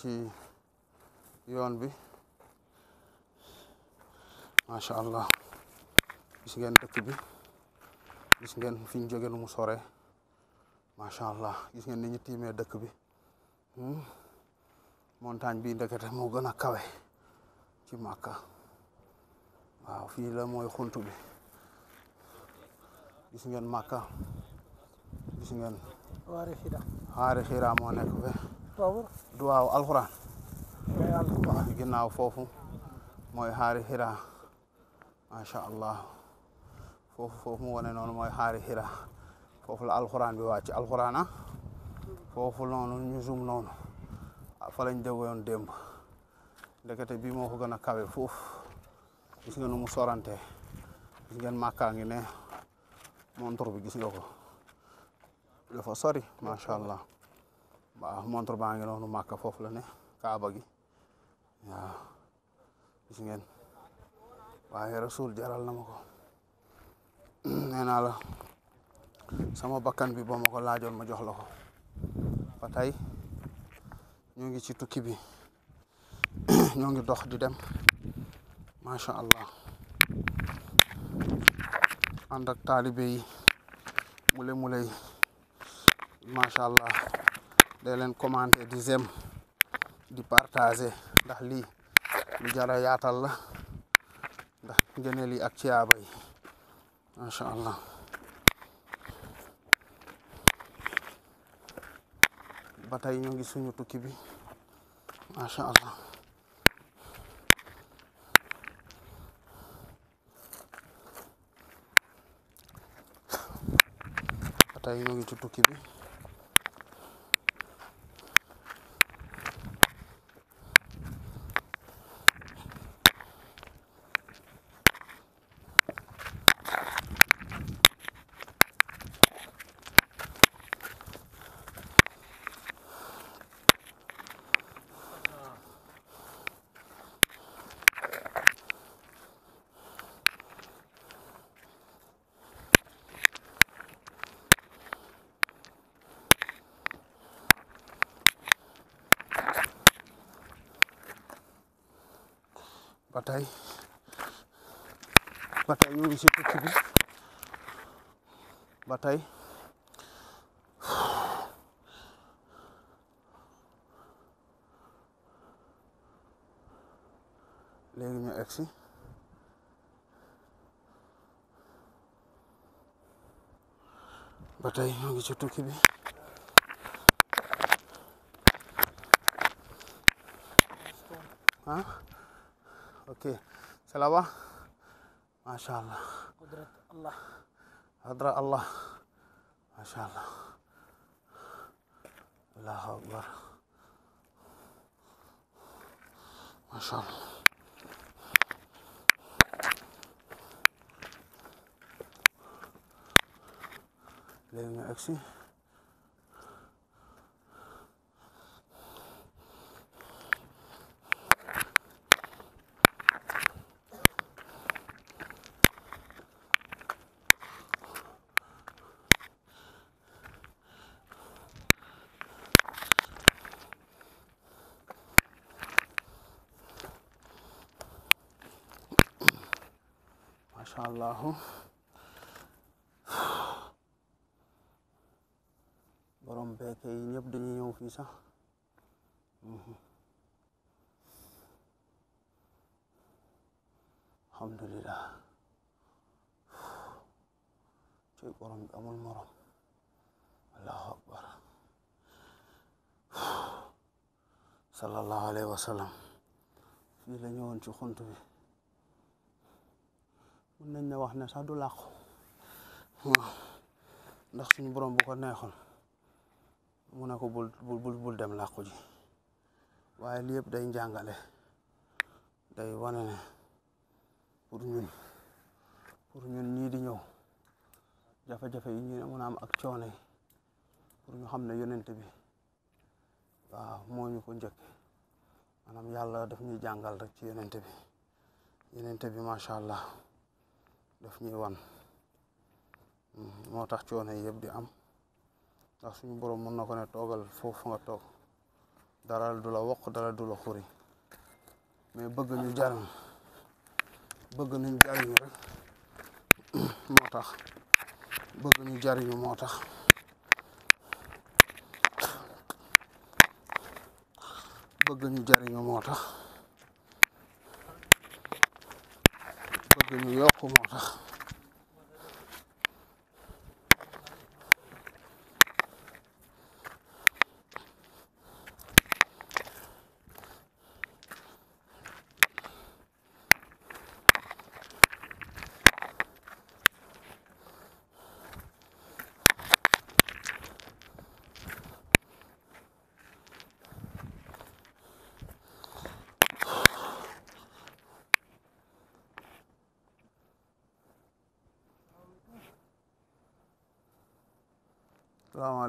ci yoon bi macha allah gis ngeen dëkk bi gis ngeen fi ñu nu mu sore macha allah gis ngeen ni ñu tiimee dëkk bi hmm? montagne bi ndekete moo gën a kawe ci makka waaw fii la mooy xunt bi gis ngeen Màkka gis ngeen xaari xira moo nekk fe octobre. duwaaw alxuraan. waaw ginnaaw foofu mooy xaari xira allah foofu foofu mu wane noonu mooy xaari xira foofu la alxuraan bi wàcc alxuraan ah. foofu noonu ñu zoom noonu fa lañ déggoon démb ndekete bii moo ko gën a kawe foofu gis nga nu mu sorante gis ngeen màkkaa ngi ne montre bi gis nga ko dafa sori macha allah. waaw montre baa ngi noonu màkk foofu la ne kaaba gi waaw gis ngeen waaye rasul jaral na ma ko nee naa la sama bakkan bi boo ma laajoon ma jox la ko ba tey ñu ngi ci tukki bi ñoo ngi dox di dem macha allah ànd ak taalibe yi mule mule yi allah da leen commenter di zem di ndax lii lu jara yaatal la ndax ngëneel yi ak ciyaaba yi macha allah ba tey ñu ngi suñu tukki bi macha allah ba tey ñu ngi ci tukki bi ba tey ñu ngi si tukki bi ba léegi ñu egsi ba ñu ngi ci tukki salaama macha allah qudrat allah qudrat allah macha allah allahu akbar macha allah léegi ñu agsi macha allahu borom beeke yi ñëpp dañuy ñëw fii sax mhm. alhamdulillah ci borom bi amul morom allahu akbar sallallahu alayhi wa sallam fii la ñëwoon ci xunt bi mun nañ ne wax ne sax du làqu ndax suñu borom bu ko neexoon mu ne ko bul bul bul dem làqu ji waaye li yëpp day njàngale day wane ne pour ñun pour ñun ñii di ñëw jafe-jafe yi ñu ne mën a am ak coono yi pour ñu xam ne yonent bi waaw moo ñu ko njëkk maanaam yàlla daf ñuy jàngal rek ci yonent bi yonent bi macha allah. daf ñuy wan moo tax coono yëpp di am ndax suñu borom mën na ko ne foofu nga toog dara du wokk dara dula xuri mais bëgg ñu jariñ bëgg ñu jariñu moo tax bëgg ñu jariñu moo tax bëgg ñu jariñu moo tax gën a yokk moo tax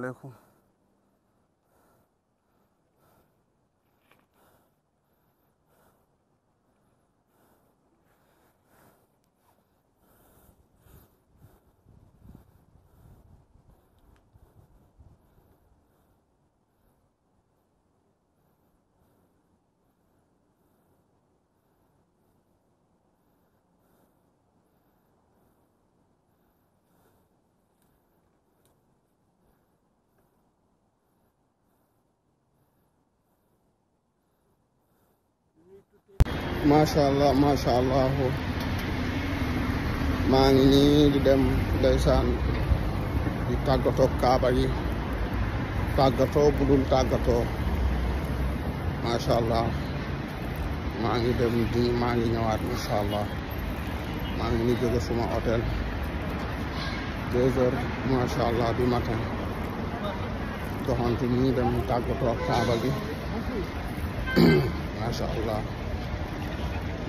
alaikum. macha allah macha allah maa ngi nii di dem ndeysaan di tàggatoo kaaba yi tàggatoo bu dul tàggatoo macha allah maa ngi dem di maa ngi ñëwaat macha allah maa ngi nii jóge suma hôtel deux heures macha allah du matin doxantu nii dem tàggatoo kaaba macha allah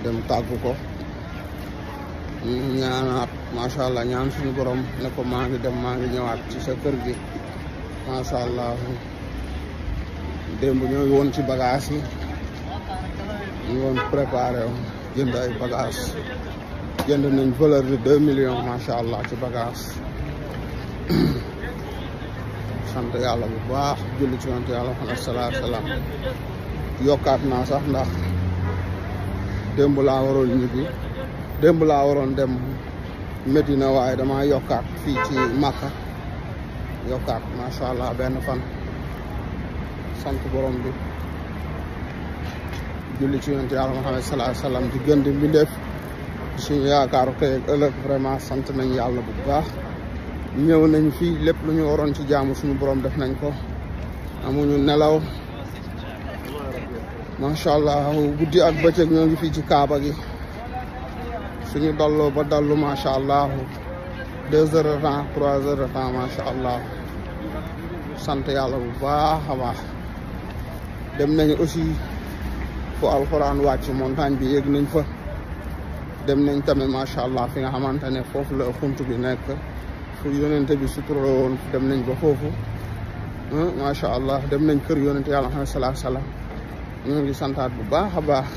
dem tàggu ko ñaanaat macha allah ñaan suñu borom ne ko maa ngi dem maa ngi ñëwaat ci sa kër gi macha allah démb ñooy woon ci bagaas yi ñu woon préparé jënd ay bagage jënd nañ valeur de deux million macha allah ci bagaas sant yàlla bu baax julli ci yonent yàlla xanaa salaam salaam yokkaat naa sax ndax démb laa waroon ñibbi démb laa waroon dem Medina waaye dama yokkaat fii ci Màkka yokkaat macha allah benn fan sant borom bi julli ci yonent yàlla Muhammad sallallahu alayhi wa sallam di gën di mbindeef suñu yaakaaru tey ak vraiment sant nañ yàlla bu baax ñëw nañ fii lépp lu ñu waroon ci jaamu suñu borom def nañ ko amuñu nelaw macha allah guddi ak bëccëg ñoo ngi fii ci kaaba gi suñu dalloo ba dallu macha allah deux heures de temps trois heures de temps macha allah sant yàlla bu baax a baax dem nañu aussi fu alxuraan wàcc montagne bi yëg nañ fa dem nañ tamit macha allah fi nga xamante ne foofu la xunt bi nekk fu yonente bi sutura woon dem nañ ba foofu hmm, macha allah dem nañ kër yonente yàlla xam ne salaam ñu ngi santaat bu baax a baax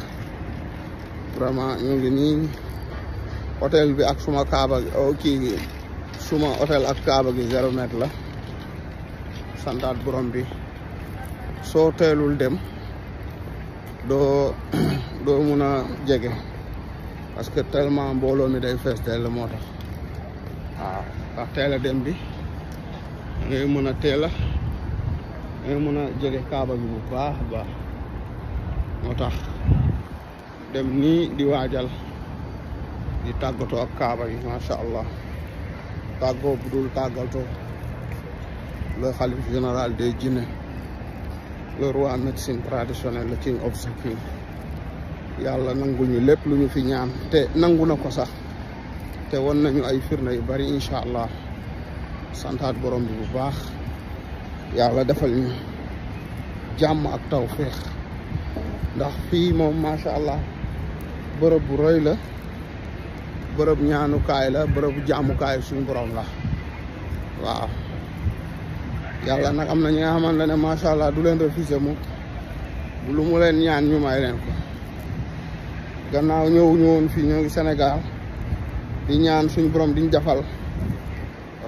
vraiment ñu ngi nii hôtel bi ak suma kaaba oh, kii suma hôtel ak kaaba gi zéro mètre la santaat borom bi soo teelul dem doo doo mun a jege parce que tellement mbooloo mi day fees teel la moo tax waaw ndax teel a dem bi ngay mën a teel a ngay mën a jege kaaba bi bu baax a baax moo tax dem nii di waajal di tàggatoo ak kaaba yi macha allah tàggoo bu dul tàggatoo le xalif général de jinne le roi médecine traditionnelle le king of the king yàlla nangul ñu lépp lu ñu fi ñaan te nangu na ko sax te won nañu ay firnde yu bari incha allah santaat borom bi bu baax yàlla defal ñu jàmm ak tawféex ndax fii moom macha allah bërëb bu rëy la bërëb ñaanukaay la bërëbu jaamukaay suñu borom la waaw yàlla nag am na ñi nga xamante ne macha allah du leen refusé mu lu mu leen ñaan ñu may leen ko gannaaw ñëwuñu woon fii ñoo ngi Sénégal di ñaan suñu borom diñ jafal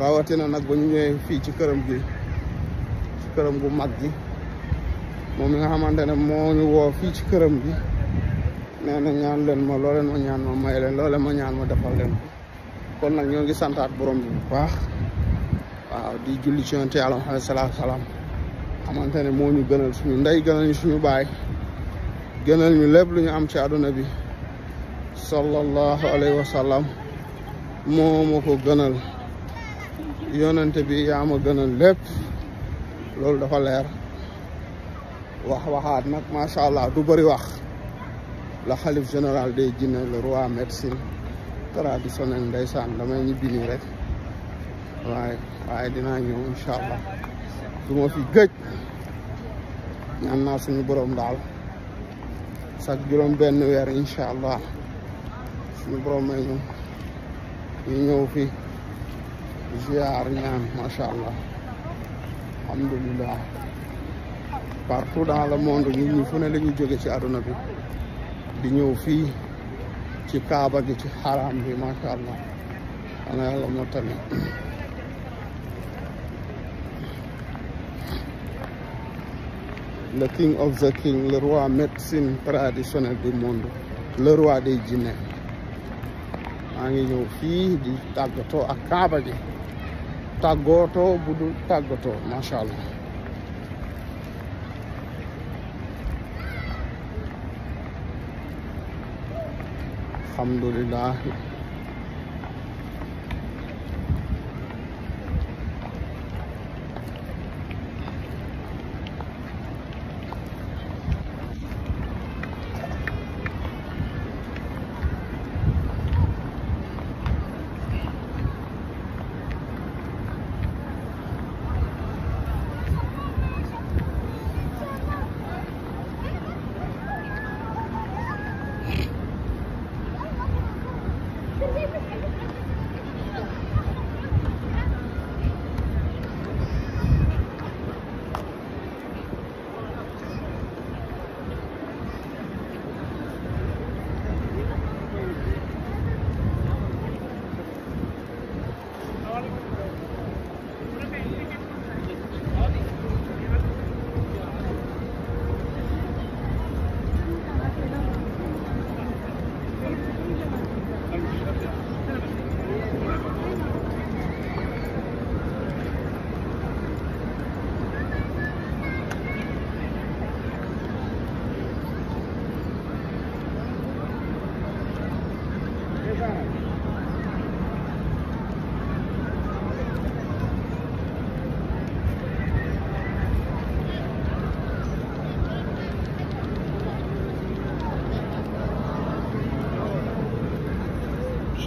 rawatina nag ba ñu ñëwee fii ci këram gi ci këram gu mag gi. moom mi nga xamante ne moo ñu woo fii ci këram bi nee na ñaan leen ma loo leen ma ñaan ma may leen loo ma ñaan ma defal leen kon nag ñoo ngi santaat borom bi bu baax waaw di julli ci yonent yàlla Muhammad salaam salaam xamante ne moo ñu suñu ndey gënal suñu baay gënal ñu lépp lu ñu am ci àdduna bi sallallahu alayhi wa sallam moo ma ko gënal yonente bi yaa ma gënal lépp loolu dafa leer wax waxaat nag macha allah du bëri wax la xalif général de jinne le roi médecine traditionnel ndeysaan damay ñibbi nii rek waaye waaye dinaa ñëw incha allah du fi gëj ñaan naa suñu borom daal sax juróom benn weer incha allah suñu borom may ñu ñëw fi ziar ñaan macha allah alhamdulillah partout dans le monde ñu ñi fu ne la ñuy jóge ci àdduna bi di ñëw fii ci kaaba gi ci xaram bi macha allah ana yàlla moo tane le king of the king le roi médecine traditionnelle du monde le roi des jinne maa ngi ñëw fii di tàggatoo ak kaaba gi tàggootoo bu dul tàggatoo allah alhamdulillah incha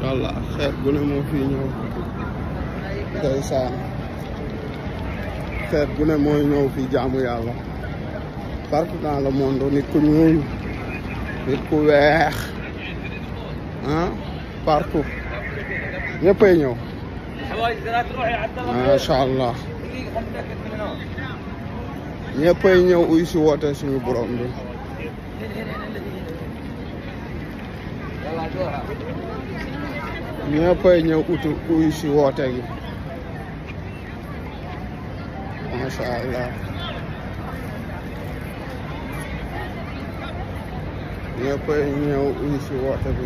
allah xeet gu ne moo fii ñëw ndeysaan xeet gu ne mooy ñëw fii jaamu yàlla partout dans le nit ku ñuul nit ku weex ah partout ñëppay ñëw macha allah ñëppay ñëw si woote suñu borom bi ñëppay ñëw utu uy si woote gi macha allah ñëppay ñëw uy si woote bi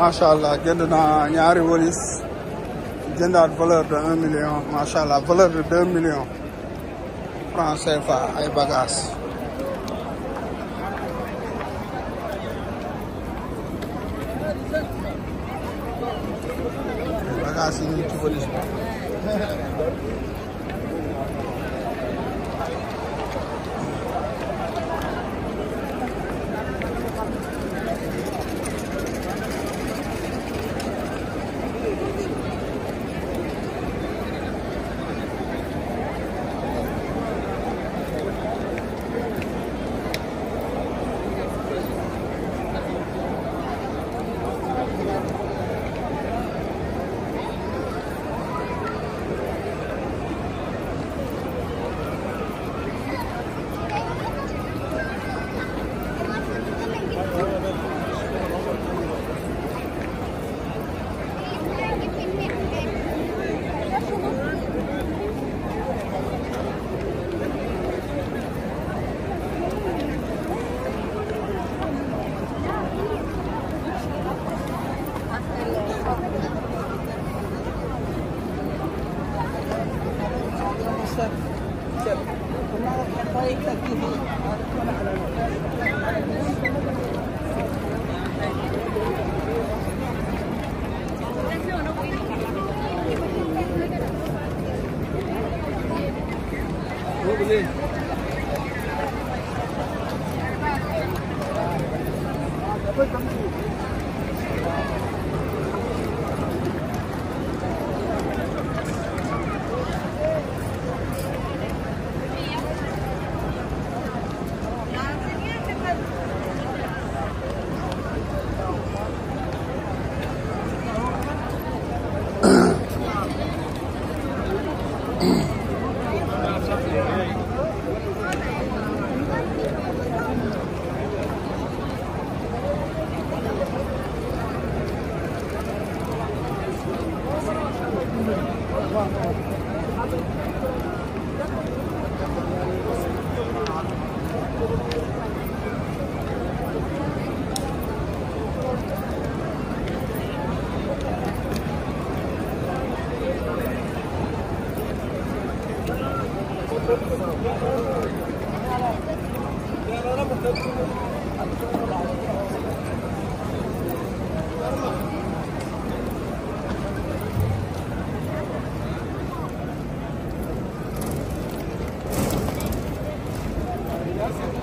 macha allah jënd naa ñaari walis jëndaat valeur de un million macha allah valeur de deux millions franc CFA ay bagages. bagages yi ñu ci walis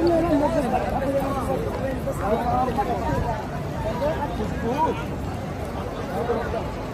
Thank you.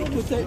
any conseil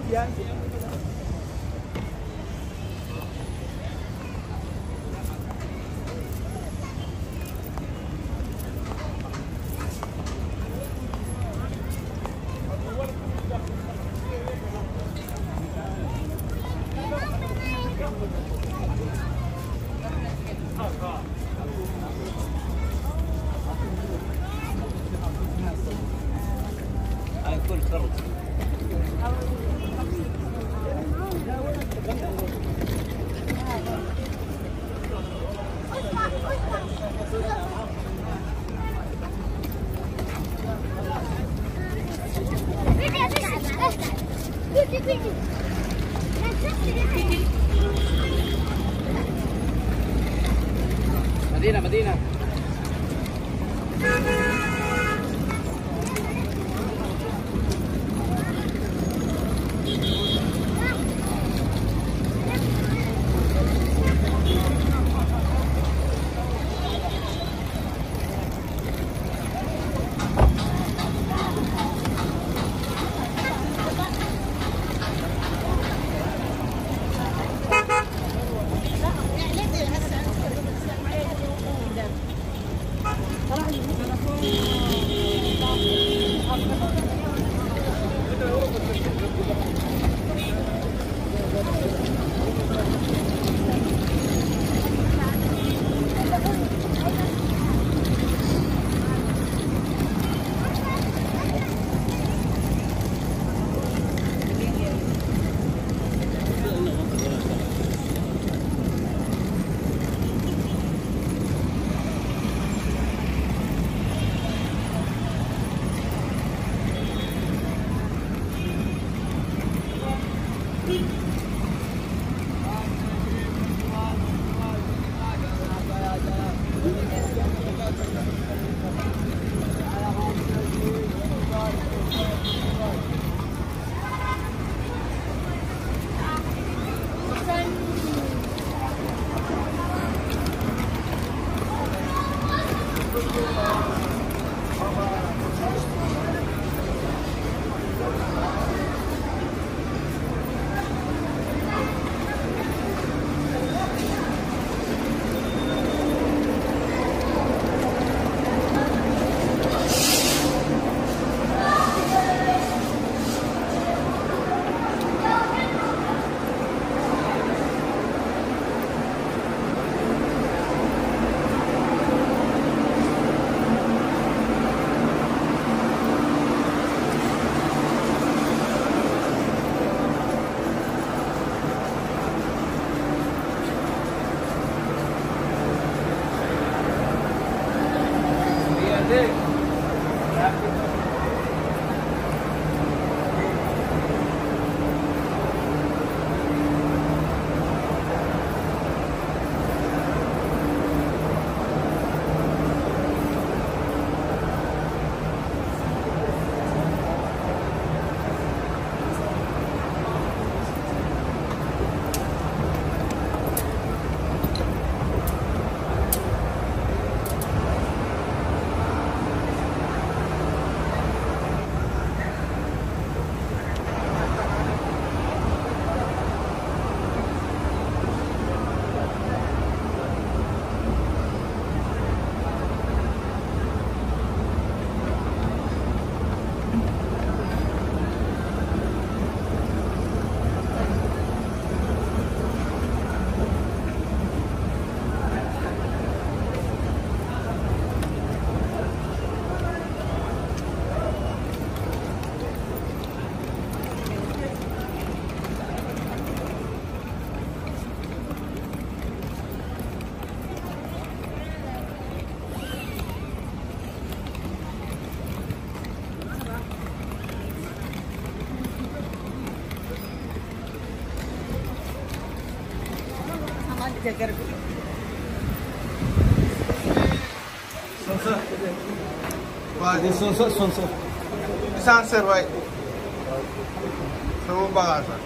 దగ్గర Vas-y, sonne ça, sonne ça. Tu s'en sers, ouais. C'est mon bagage, là.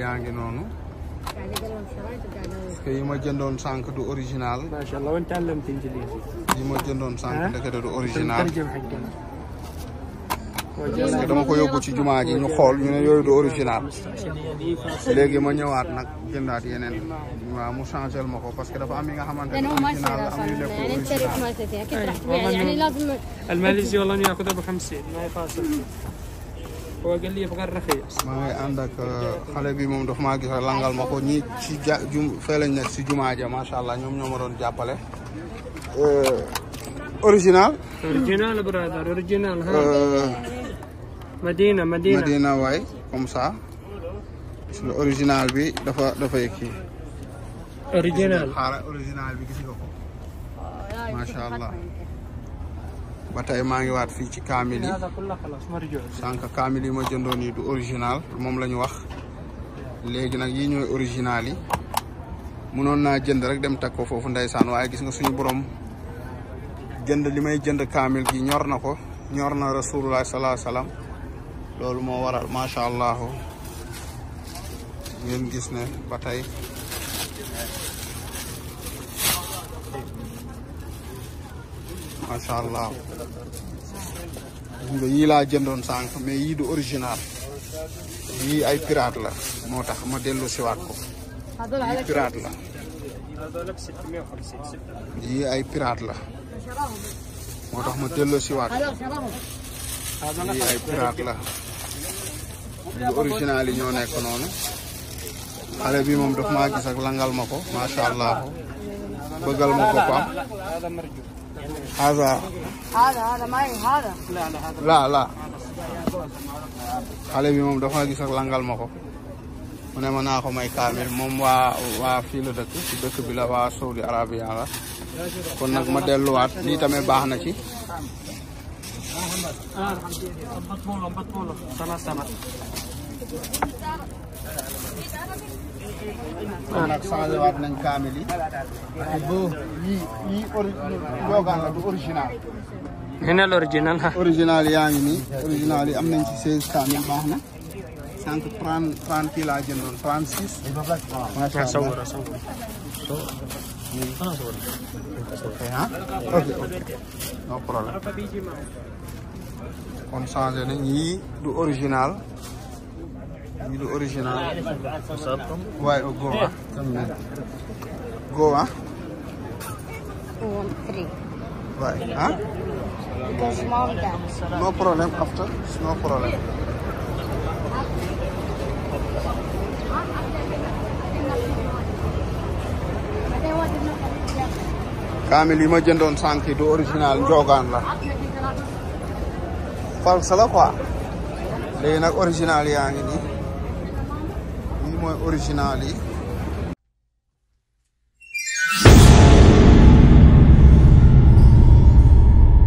yaa ngi noonu parce yi ma jëndoon sànq du original. macha allah wan ci lii. yi ma jëndoon sànq ah? ndekete du original. parce que dama ko yóbbu ci jumaa ji ñu xool ñu ne original. léegi ma ñëwaat nag jëndaat yeneen. waaw mu changé ma ko parce que dafa am yi nga xamante ne original la am yu nekkul original. maa ngi ànd ak euh, xale bi moom dafa maa gis rek langal ma ko ñi ci lañ nekk si jumaa ja macha allah ñoom ñoo ma doon jàppale. Euh, original. original brother original. Euh, Madina waay comme ça. original bi dafa dafay kii. original xaaral original bi gis nga ko macha allah. ba tey maa ngi waat fii ci kaamil yi sànq kaamil yi ma jëndoon yi du original moom la ñu wax léegi nag yi ñooy original yi mënoon naa jënd rek dem teg ko foofu ndeysaan waaye gis nga suñu borom jënd li may jënd kaamil gi ñor na ko ñor na rasulullah salaa salaam loolu moo waral macha allah ngeen gis ne ba tey macha allah nga yii laa jëndoon sànq mais yii du original yii ay pirate la moo tax ma dello siwaat ko yii pirate ay pirate la moo tax ma dellu siwaat ko yii ay pirate la yu original yi ñoo nekk noonu xale bi moom daf ma gis ak langal ma ko macha allah bëggal ma boppam هذا هذا هذا xale bi moom dafa gis langal ma ko mu ne ma naa ko may kaamil moom waa waa dëkk ci dëkk bi la waa Saudi Arabia la kon nag ma delluwaat lii tamit baax na ci kon nag changé waat nañ kaamil yi parce que yii du original. nee na l'original ah. original yaa ngi yi am nañ ci seize kaamil baax na sànq trente trente kii trente six. macha allah ah. ok ok no problème kon changé nañ yii du original. Middle original. What's up? Why oh, No problem after? no problem. kaamil yi ma jëndoon sànq du original njogaan la falsa la quoi nag original yaa ngi nii mooy original yi